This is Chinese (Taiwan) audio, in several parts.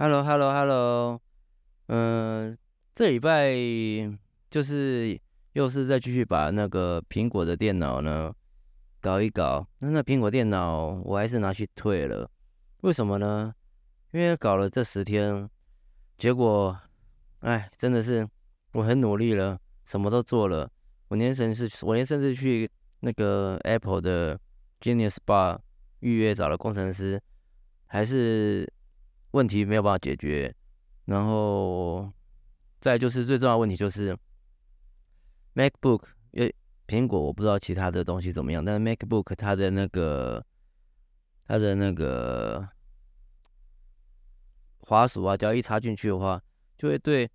Hello，Hello，Hello，嗯 hello, hello.、呃，這禮拜就是又是再繼續把那個蘋果的電腦呢，搞一搞。那那蘋果電腦我還是拿去退了，為什麼呢？因為搞了這十天，結果，哎，真的是我很努力了，什麼都做了，我連甚至，我連甚至去那個 Apple 的 Genius Bar 預約找了工程師，還是。問題沒有辦法解決，然後再就是最重要的問題就是 MacBook，因為蘋果我不知道其他的東西怎麼樣，但是 MacBook 它的那個它的那個滑鼠啊，只要一插進去的話，就會對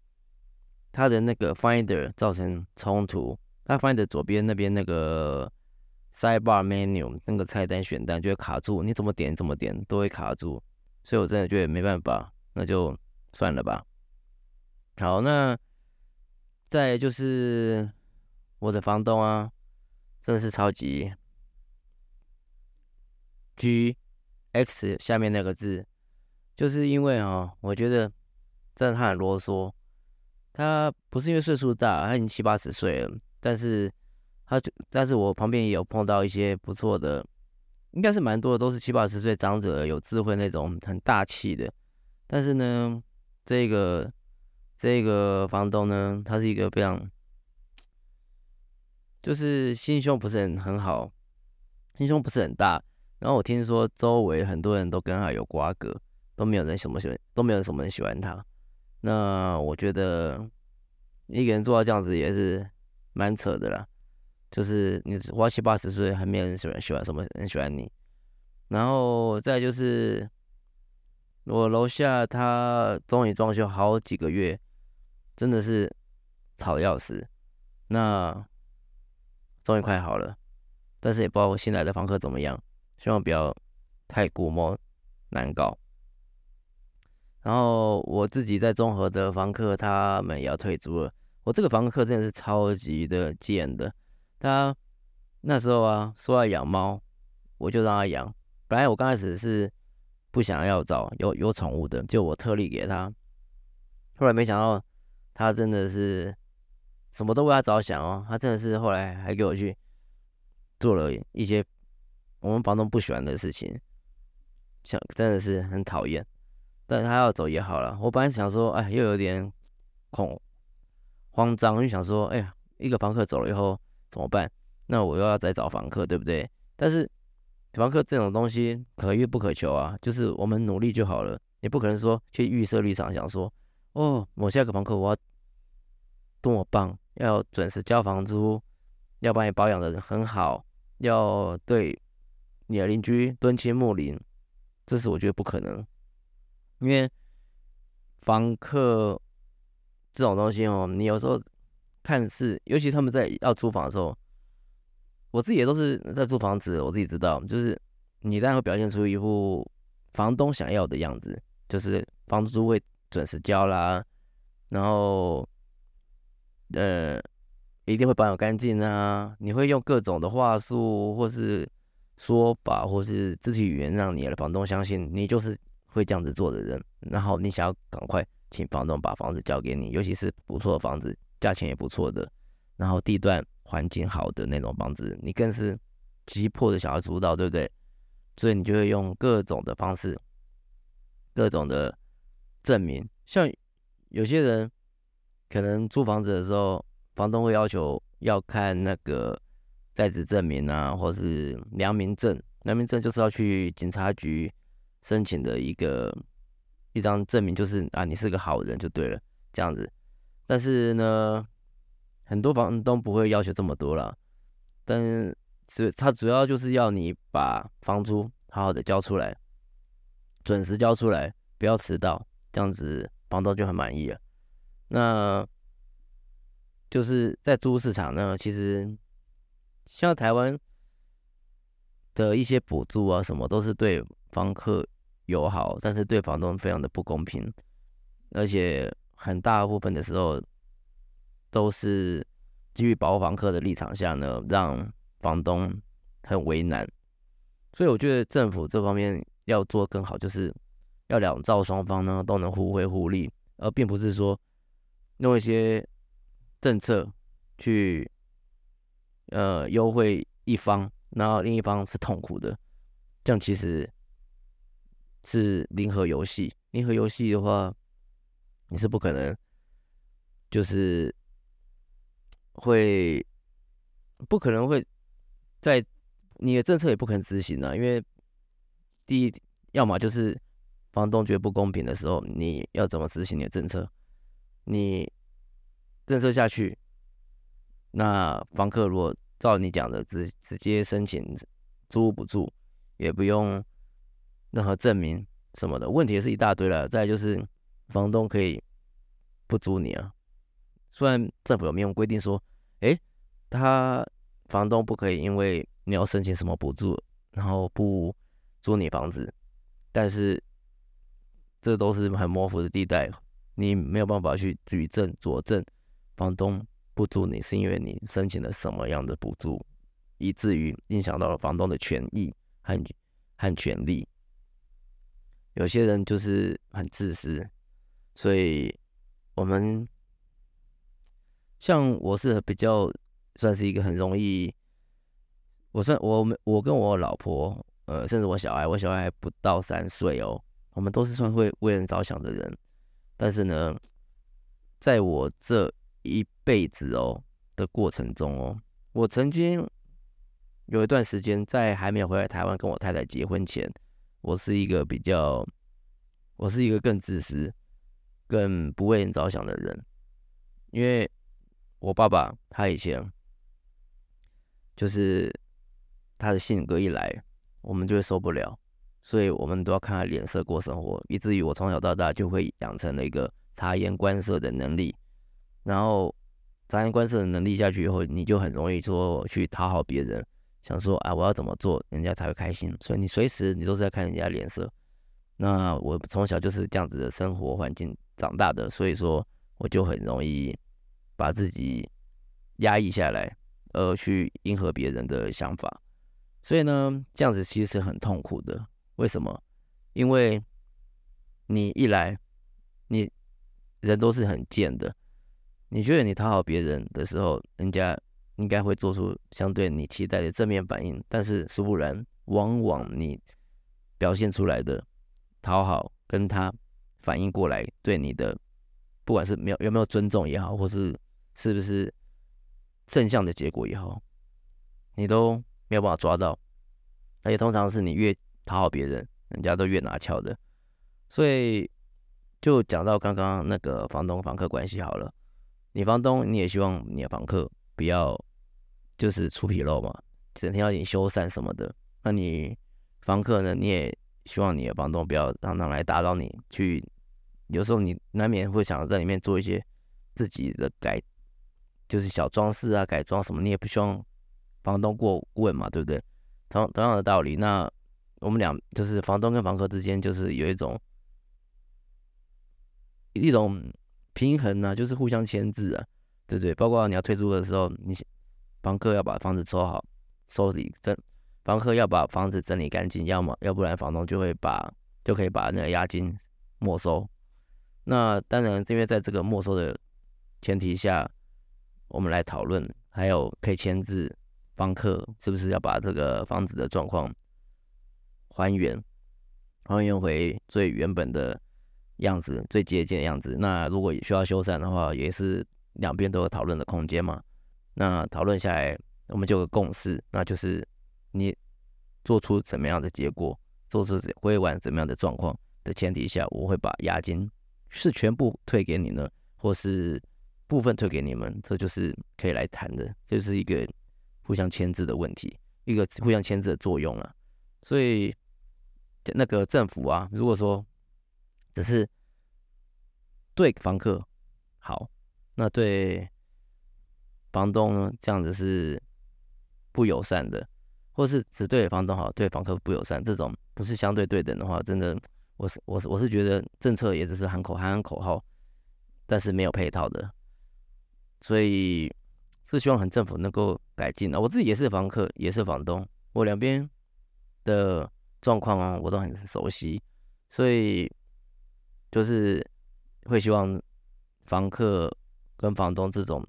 它的那個 Finder 造成衝突。它 Finder 左邊那邊那個 Sidebar Menu 那個菜單選單就會卡住，你怎麼點怎麼點都會卡住。所以，我真的覺得沒辦法，那就算了吧。好，那再就是我的房東啊，真的是超級 GX 下面那個字，就是因為哈、哦，我覺得真的他很囉嗦，他不是因為歲數大，他已經七八十歲了，但是他就，但是我旁邊也有碰到一些不錯的。應該是蠻多的，都是七八十歲長者，有智慧那種很大氣的。但是呢，這個這個房東呢，他是一個非常，就是心胸不是很很好，心胸不是很大。然後我聽說周圍很多人都跟他有瓜葛，都沒有人什麼喜歡，都沒有什麼人喜歡他。那我覺得一個人做到這樣子也是蠻扯的啦。就是你花七八十歲還沒有人喜歡？喜歡什麼？人喜歡你。然後再就是，我樓下他終於裝修好幾個月，真的是吵得要死。那終於快好了，但是也不知道我新來的房客怎麼樣，希望不要太龜毛難搞。然後我自己在綜合的房客他們也要退租了，我這個房客真的是超級的賤的。他那時候啊，說要養貓，我就讓他養。本來我剛開始是不想要找有有寵物的，就我特例給他。後來沒想到他真的是什麼都為他着想哦。他真的是後來還給我去做了一些我們房東不喜歡的事情，想真的是很討厭。但他要走也好了。我本來想說，哎，又有點恐慌張，又想說，哎呀，一個房客走了以後。怎麼辦？那我又要再找房客，對不對？但是房客這種東西可遇不可求啊，就是我們努力就好了。你不可能說去預設立場，想說哦，我下一個房客我要多麼棒，要準時交房租，要把你保養得很好，要對你的鄰居敦親睦鄰，這是我覺得不可能，因為房客這種東西哦，你有時候。看似，尤其他們在要租房的時候，我自己也都是在租房子。我自己知道，就是你當然會表現出一副房東想要的樣子，就是房租會準時交啦，然後，嗯、呃，一定會保養乾淨啊。你會用各種的話術，或是說法，或是肢體語言，讓你的房東相信你就是會這樣子做的人。然後你想要趕快請房東把房子交給你，尤其是不錯的房子，價錢也不錯的，然後地段環境好的那種房子，你更是急迫的想要租到，對不對？所以你就會用各種的方式，各種的證明。像有些人可能租房子的時候，房東會要求要看那個在職證明啊，或是良民證。良民證就是要去警察局申請的一個一張證明，就是啊，你是個好人就對了，這樣子。但是呢，很多房東不會要求這麼多了，但是主他主要就是要你把房租好好的交出來，準時交出來，不要遲到，這樣子房東就很滿意了。那就是在租市場呢，其實像台灣的一些補助啊什麼都是對房客友好，但是對房東非常的不公平，而且。很大部分的時候，都是基於保護房客的立場下呢，讓房東很為難。所以我覺得政府這方面要做更好，就是要兩造雙方呢都能互惠互利，而並不是說用一些政策去呃優惠一方，然後另一方是痛苦的。這樣其實是零和遊戲。零和遊戲的話。你是不可能，就是會不可能會在，在你的政策也不可能執行了、啊、因為第一，要麼就是房東覺得不公平的時候，你要怎麼執行你的政策？你政策下去，那房客如果照你講的直直接申請租屋補助，也不用任何證明什麼的，問題是一大堆了，再來就是。房東可以不租你啊？雖然政府有明文規定說，哎，他房東不可以因為你要申請什麼補助，然後不租你房子，但是這都是很模糊的地帶，你沒有辦法去舉證佐證房東不租你是因為你申請了什麼樣的補助，以至於影響到了房東的權益和和權利。有些人就是很自私。所以，我們像我是比較算是一個很容易，我算我們我跟我老婆，呃，甚至我小孩，我小孩還不到三歲哦，我們都是算會為人着想的人。但是呢，在我這一輩子哦的過程中哦，我曾經有一段時間在還沒有回來台灣跟我太太結婚前，我是一個比較，我是一個更自私。更不為人着想的人，因為我爸爸他以前就是他的性格一來，我們就會受不了，所以我們都要看他臉色過生活，以至於我從小到大就會養成了一個察言觀色的能力。然後察言觀色的能力下去以後，你就很容易說去討好別人，想說啊，我要怎麼做人家才會開心，所以你隨時你都是在看人家臉色。那我從小就是這樣子的生活環境長大的，所以說我就很容易把自己壓抑下來，呃，去迎合別人的想法。所以呢，這樣子其實是很痛苦的。為什麼？因為你一來，你人都是很賤的。你覺得你討好別人的時候，人家應該會做出相對你期待的正面反應，但是殊不然，往往你表現出來的。討好跟他反應過來對你的，不管是沒有有沒有尊重也好，或是是不是正向的結果也好，你都沒有辦法抓到。而且通常是你越討好別人，人家都越拿翹的。所以就講到剛剛那個房東房客關係好了，你房東你也希望你的房客不要就是出紕漏嘛，整天要你修繕什麼的。那你房客呢，你也。希望你的房東不要常常來打擾你去，有時候你難免會想在裡面做一些自己的改，就是小裝飾啊、改裝什麼，你也不希望房東過問嘛，對不對？同同樣的道理，那我們倆就是房東跟房客之間就是有一種一種平衡啊，就是互相牽制啊，對不對？包括你要退租的時候，你房客要把房子收好、收理這。房客要把房子整理乾淨，要麼要不然房東就會把就可以把那個押金沒收。那當然，因為在這個沒收的前提下，我們來討論還有可以簽字。房客是不是要把這個房子的狀況還原，還原回最原本的樣子，最接近的樣子？那如果需要修繕的話，也是兩邊都有討論的空間嘛。那討論下來，我們就有個共識，那就是。你做出怎麼樣的結果，做出會完怎麼樣的狀況的前提下，我會把押金是全部退給你呢，或是部分退給你們，這就是可以來談的，這是一個互相牽制的問題，一個互相牽制的作用啊，所以那個政府啊，如果說只是對房客好，那對房東呢，這樣子是不友善的。或是只對房東好，對房客不友善，這種不是相對對等的話，真的，我是我是我是覺得政策也只是喊口喊口號，但是沒有配套的，所以是希望很政府能夠改進啊、哦。我自己也是房客，也是房東，我兩邊的狀況啊，我都很熟悉，所以就是會希望房客跟房東這種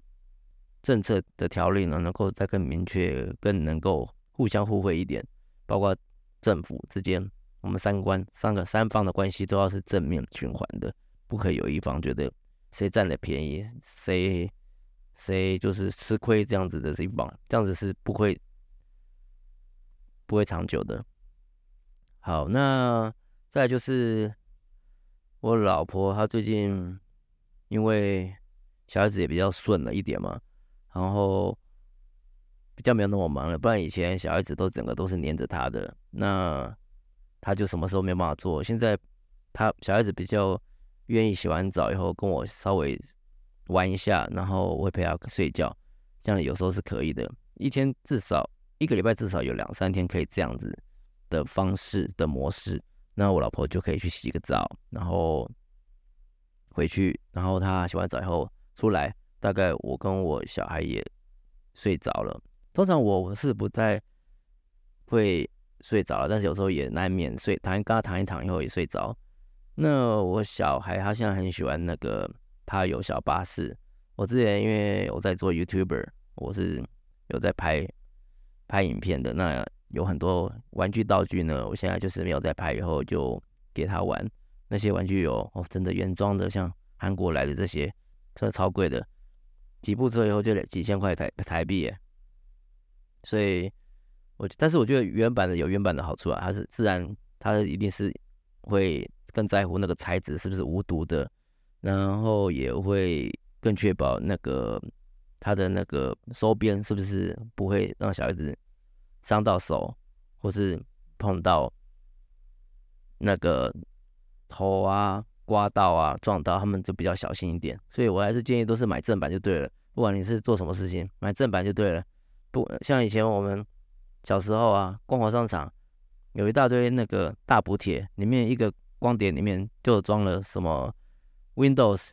政策的條例呢，能夠再更明確，更能夠。互相互惠一點，包括政府之間，我們三觀，三個三方的關係都要是正面循環的，不可以有一方覺得誰占了便宜，誰誰就是吃虧這樣子的一方，這樣子是不會不會長久的。好，那再就是我老婆，她最近因為小孩子也比較順了一點嘛，然後。比較沒有那麼忙了，不然以前小孩子都整個都是黏着他的，那他就什麼時候沒辦法做。現在他小孩子比較願意洗完澡以後跟我稍微玩一下，然後我會陪他睡覺，這樣有時候是可以的。一天至少一個禮拜至少有兩三天可以這樣子的方式的模式，那我老婆就可以去洗個澡，然後回去，然後他洗完澡以後出來，大概我跟我小孩也睡着了。通常我是不太會睡着了，但是有時候也難免睡，躺跟他躺一躺以後也睡着。那我小孩他現在很喜歡那個，他有小巴士。我之前因為我在做 YouTuber，我是有在拍拍影片的，那有很多玩具道具呢。我現在就是沒有在拍，以後就給他玩那些玩具有。有、哦、真的原裝的，像韓國來的這些，真的超貴的，幾部車以後就得幾千塊台台幣耶。所以，我但是我覺得原版的有原版的好處啊，它是自然，它一定是會更在乎那個材質是不是無毒的，然後也會更確保那個它的那個收邊是不是不會讓小孩子傷到手，或是碰到那個頭啊、颳到啊、撞到，他們就比較小心一點。所以我還是建議都是買正版就對了，不管你是做什麼事情，買正版就對了。像以前我們小時候啊，光華商場有一大堆那個大補帖，裡面一個光碟裡面就裝了什麼 Windows，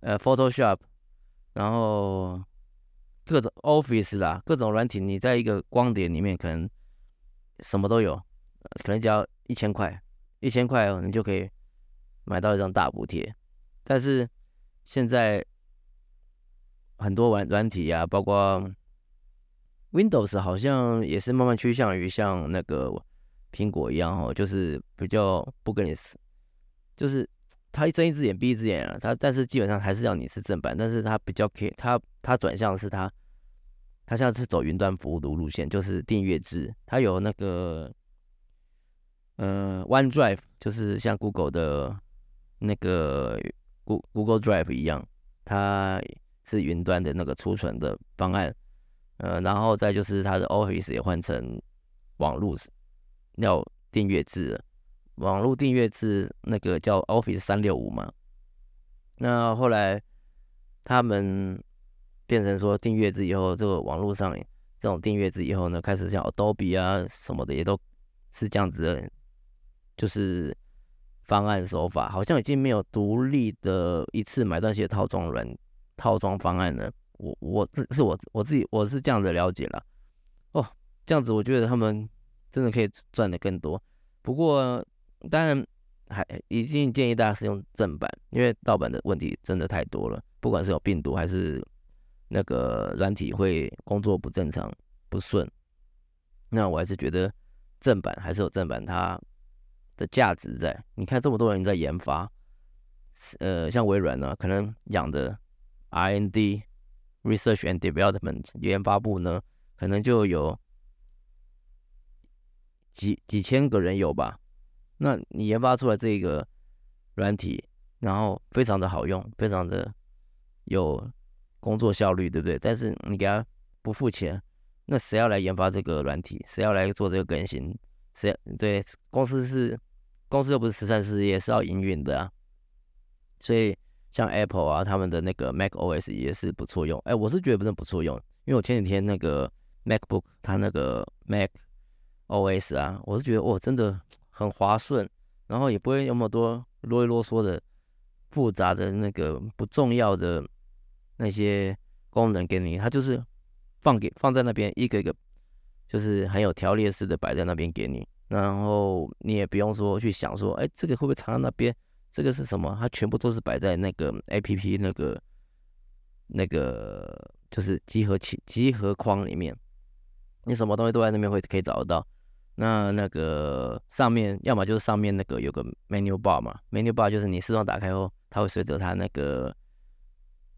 呃 Photoshop，然後各種 Office 啦，各種軟體，你在一個光碟裡面可能什麼都有，可能只要一千塊，一千塊你就可以買到一張大補帖。但是現在很多軟軟體啊，包括 Windows 好像也是慢慢趨向於像那個蘋果一樣，哦，就是比較不跟你死，就是他一睜一隻眼閉一隻眼啊。他但是基本上還是要你是正版，但是他比較 care，他他轉向的是他，他現在是走雲端服務的路線，就是訂閱制。他有那個呃 OneDrive，就是像 Google 的那個 Go Google Drive 一樣，它是雲端的那個儲存的方案。呃，然後再就是他的 Office 也換成網絡，要訂閱制了，網絡訂閱制那個叫 Office 三六五嘛。那後來他們變成說訂閱制以後，這個網絡上這種訂閱制以後呢，開始像 Adobe 啊什麼的，也都是這樣子的，就是方案手法好像已經沒有獨立的一次買那些套裝軟套裝方案了。我我這是我我自己我是這樣子了解了，哦，這樣子我覺得他們真的可以賺得更多。不過當然還一定建議大家使用正版，因為盜版的問題真的太多了，不管是有病毒還是那個軟體會工作不正常不順。那我還是覺得正版還是有正版它的價值在。你看這麼多人在研發，呃，像微軟呢、啊，可能養的 RND。Research and development 研發部呢，可能就有幾幾千個人有吧。那你研發出來這個軟體，然後非常的好用，非常的有工作效率，對不對？但是你給他不付錢，那誰要來研發這個軟體？誰要來做這個更新？誰？對，公司是公司又不是慈善事業，是要營運的啊，所以。像 Apple 啊，他們的那個 Mac OS 也是不錯用。哎、欸，我是覺得真的不錯用，因為我前幾天那個 MacBook，它那個 Mac OS 啊，我是覺得哇，真的很滑順，然後也不會那麼多囉裡囉嗦的複雜的那個不重要的那些功能給你，它就是放給放在那邊，一個一個就是很有條列式的擺在那邊給你，然後你也不用說去想說，哎、欸，這個會不會藏在那邊？這個是什麼？它全部都是擺在那個 A P P 那個那個就是集合器、集合框裡面。你什麼東西都在那邊會可以找得到。那那個上面，要麼就是上面那個有個 menu bar 嘛，menu bar 就是你視窗打開後，它會隨着它那個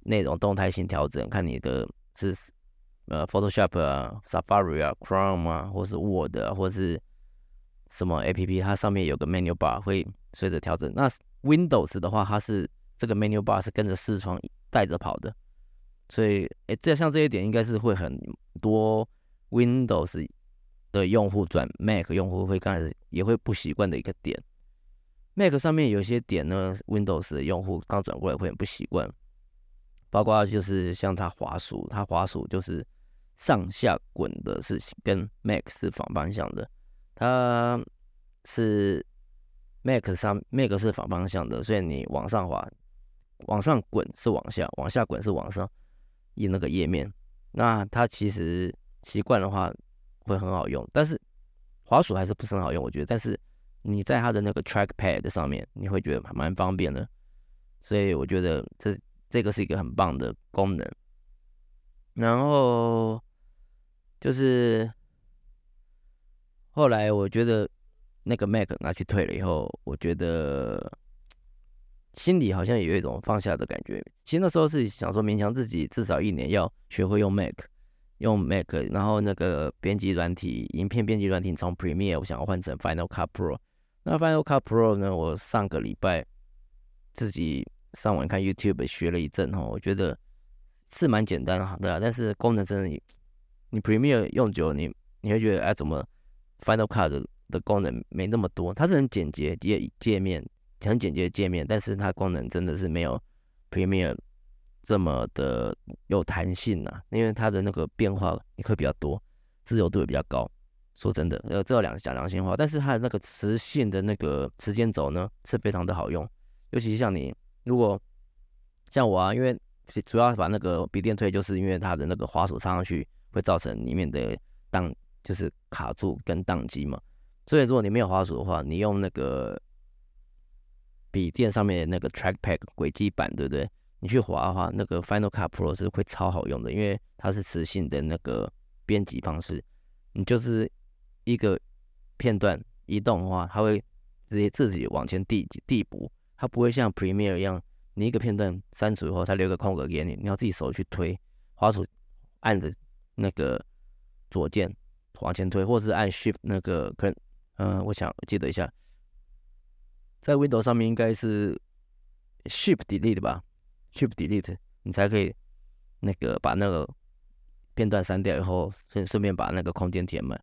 內容動態性調整，看你的是呃 Photoshop 啊、Safari 啊、Chrome 啊，或是 Word 啊，或是什麼 A P P，它上面有個 menu bar 會隨着調整。那 Windows 的話，它是這個 menu bar 是跟着視窗帶着跑的，所以，誒、欸，這像這些點應該是會很多 Windows 的用戶轉 Mac 用戶會剛開始也會不習慣的一個點。Mac 上面有些點呢，Windows 的用戶剛轉過來會很不習慣，包括就是像它滑鼠，它滑鼠就是上下滾的是跟 Mac 是反方向的，它是。Mac 上，Mac 是反方向的，所以你往上滑、往上滾是往下，往下滾是往上。印那個頁面，那它其實習慣的話會很好用，但是滑鼠還是不是很好用，我覺得。但是你在它的那個 Trackpad 上面，你會覺得蠻方便的。所以我覺得這這個是一個很棒的功能。然後就是後來我覺得。那個 Mac 拿去退了以後，我覺得心裡好像有一種放下的感覺。其實那時候是想說，勉強自己至少一年要學會用 Mac，用 Mac，然後那個編輯軟體、影片編輯軟體從 Premiere 我想要換成 Final Cut Pro。那 Final Cut Pro 呢，我上個禮拜自己上網看 YouTube 學了一陣哦，我覺得是蠻簡單的哈，對啊，但是功能真的，你 Premiere 用久，你你會覺得哎怎麼 Final Cut 的。的功能沒那麼多，它是很簡潔，界界面很簡潔的界面，但是它功能真的是沒有 Premiere 這麼的有彈性吶、啊，因為它的那個變化也會比較多，自由度也比較高。說真的，呃，這兩講良心話，但是它的那個磁性的那個時間軸呢是非常的好用，尤其是像你如果像我啊，因為主要把那個筆電推，就是因為它的那個滑鼠插上去會造成裡面的宕就是卡住跟宕機嘛。所以如果你沒有滑鼠的話，你用那個筆電上面的那個 trackpad 軌跡板，對不對？你去滑的話，那個 Final Cut Pro 是會超好用的，因為它是磁性的那個編輯方式。你就是一個片段移動的話，它會直接自己往前遞遞補，它不會像 Premiere 一樣，你一個片段刪除以後，它留一個空格給你，你要自己手去推滑鼠，按着那個左鍵往前推，或是按 Shift 那個 Ctrl 嗯，我想記得一下，在 Windows 上面應該是 Shift Delete 吧 Shift Delete 你才可以那個把那個片段刪掉，以後順順便把那個空間填滿。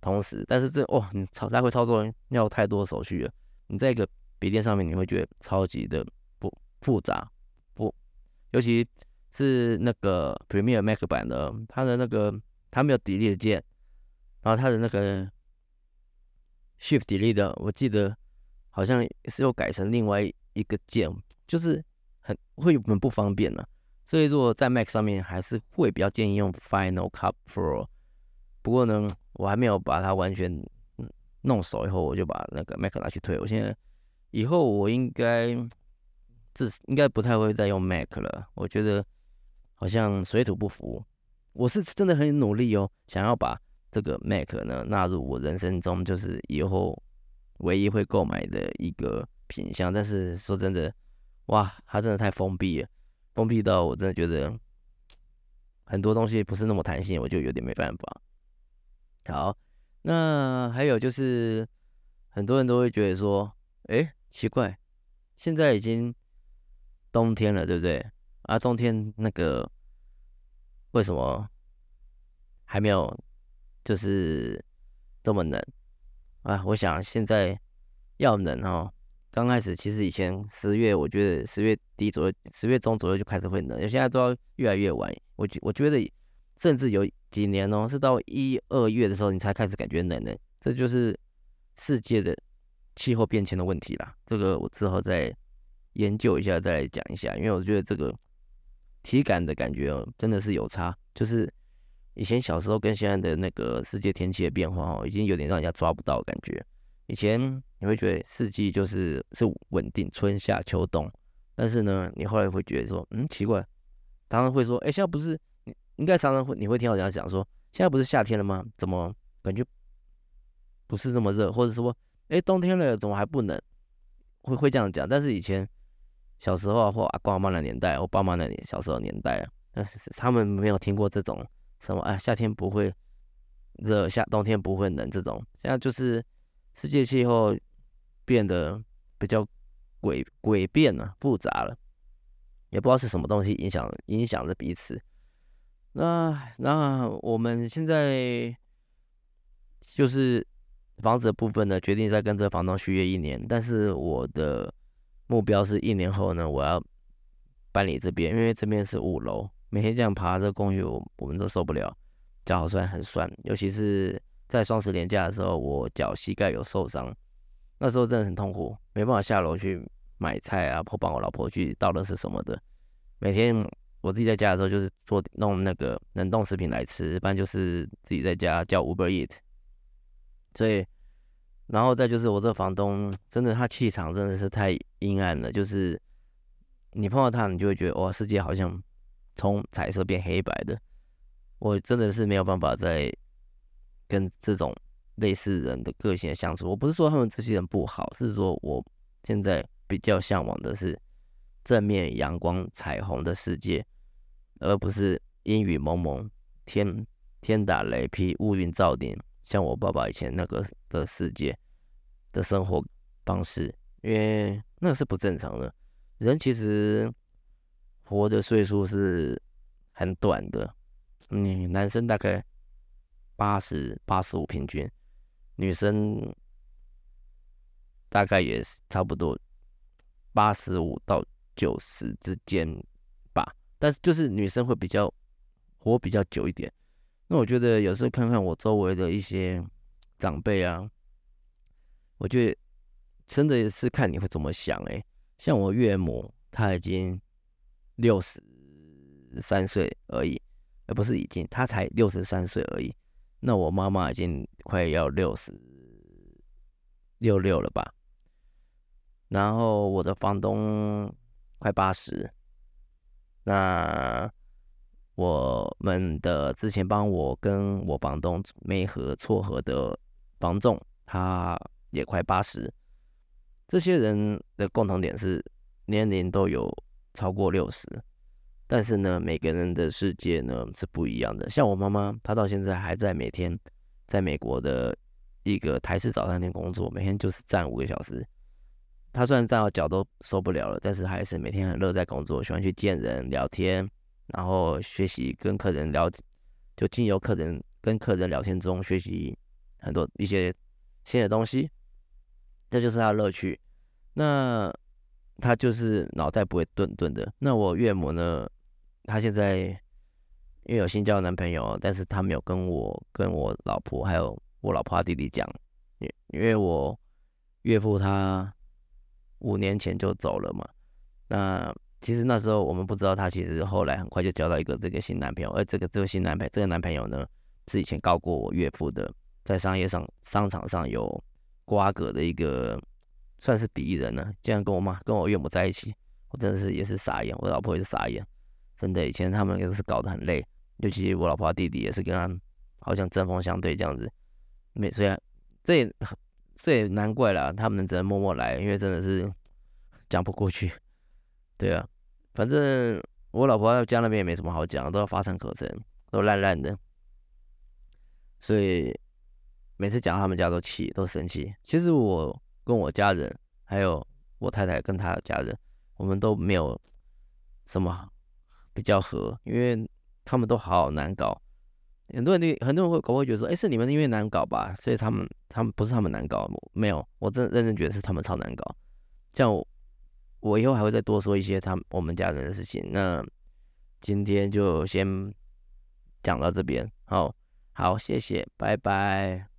同時，但是這哦，你操，來回操作要太多手續了。你在一個筆電上面，你會覺得超級的不複雜，不，尤其是那個，Premiere Mac 版的，它的那個它沒有 Delete 鍵，然後它的那個。Shift Delete，我記得好像是又改成另外一個鍵，就是很會很不方便了，啊。所以如果在 Mac 上面，還是會比較建議用 Final Cut Pro。Cup flow，不過呢，我還沒有把它完全弄熟，以後我就把那個 Mac 拿去退。我現在以後我應該這應該不太會再用 Mac 了。我覺得好像水土不服。我是真的很努力哦，想要把這個 Mac 呢，納入我人生中就是以後唯一會購買的一個品相。但是說真的，哇，它真的太封閉了，封閉到我真的覺得很多東西不是那麼彈性，我就有點沒辦法。好，那還有就是很多人都會覺得說，哎，奇怪，現在已經冬天了，對不對？啊，冬天那個為什麼還沒有？就是這麼冷啊！我想現在要冷哦，剛開始其實以前十月，我覺得十月底左右，十月中左右就開始會冷，現在都要越來越晚。我我覺得，甚至有幾年哦，是到一二月的時候你才開始感覺冷呢，這就是世界的氣候變遷的問題啦。這個我之後再研究一下再來講一下，因為我覺得這個體感的感覺哦，真的是有差，就是。以前小時候跟現在的那個世界天氣的變化哦，已經有點讓人家抓不到感覺。以前你會覺得四季就是是穩定，春夏秋冬。但是呢，你後來會覺得說，嗯，奇怪，常常會說，哎、欸，現在不是你應該常常會你會聽到人家講說，現在不是夏天了嗎？怎麼感覺不是那麼熱？或者說，哎、欸，冬天了怎麼還不冷？會會這樣講。但是以前小時候或阿爸阿媽的年代，或爸媽的小時候的年代他們沒有聽過這種。什麼哎，夏天不會熱，夏冬天不會冷，這種現在就是世界氣候變得比較詭詭變了，複雜了，也不知道是什麼東西影響影響着彼此。那那我們現在就是房子的部分呢，決定再跟這個房東續約一年，但是我的目標是一年後呢，我要搬離這邊，因為這邊是五樓。每天這樣爬這個公寓，我我們都受不了，腳好酸很酸。尤其是在雙十連假的時候，我腳膝蓋有受傷，那時候真的很痛苦，沒辦法下樓去買菜啊，或幫我老婆去倒垃圾什麼的。每天我自己在家的時候，就是做弄那個冷凍食品來吃，一般就是自己在家叫 Uber Eat。所以，然後再就是我這個房東，真的他氣場真的是太陰暗了，就是你碰到他，你就會覺得哇，世界好像。從彩色變黑白的，我真的是沒有辦法再跟這種類似人的個性相處。我不是說他們這些人不好，是說我現在比較向往的是正面陽光、彩虹的世界，而不是陰雨蒙蒙、天天打雷劈、烏雲罩頂，像我爸爸以前那個的世界的生活方式，因為那是不正常的。人其實。活的歲數是很短的，嗯，男生大概八十八十五平均，女生大概也是差不多八十五到九十之間吧。但是就是女生會比較活比較久一點。那我覺得有時候看看我周圍的一些長輩啊，我覺得真的是看你會怎麼想誒，像我岳母，她已經。六十三歲而已，而不是已經，他才六十三歲而已。那我媽媽已經快要六十六六了吧？然後我的房東快八十，那我們的之前幫我跟我房東媒合撮合的房仲，他也快八十。這些人的共同點是年齡都有超過六十，但是呢，每個人的世界呢是不一樣的。像我媽媽，她到現在還在每天在美國的一個台式早餐店工作，每天就是站五個小時。她雖然站到腳都受不了了，但是還是每天很樂在工作，喜歡去見人聊天，然後學習跟客人聊，就經由客人跟客人聊天中學習很多一些新的東西，這就是她的樂趣。那。他就是腦袋不會鈍鈍的。那我岳母呢？她現在因為有新交的男朋友，但是她沒有跟我，跟我老婆還有我老婆她弟弟講，因因為我岳父他五年前就走了嘛。那其實那時候我們不知道，他其實後來很快就交到一個這個新男朋友，而這個這個新男朋友這個男朋友呢，是以前告過我岳父的，在商業上商，商場上有瓜葛的一個。算是敵人了，啊，竟然跟我媽、跟我岳母在一起，我真的是也是傻眼，我老婆也是傻眼。真的，以前他們也是搞得很累，尤其我老婆弟弟也是跟他好像針鋒相對這樣子。沒，雖然這也這也難怪了，他們只能默默來，因為真的是講不過去。對啊，反正我老婆家那邊也沒什麼好講，都要乏善可陳，都爛爛的。所以每次講他們家都氣都生氣。其實我。跟我家人，還有我太太跟她的家人，我們都沒有什麼比較合，因為他們都好好難搞。很多人很多人會搞會覺得說，哎、欸，是你們因為難搞吧？所以他們他們不是他們難搞，沒有，我真的認真覺得是他們超難搞。像我，我以後還會再多說一些他們我們家人的事情。那今天就先講到這邊，好好，謝謝，拜拜。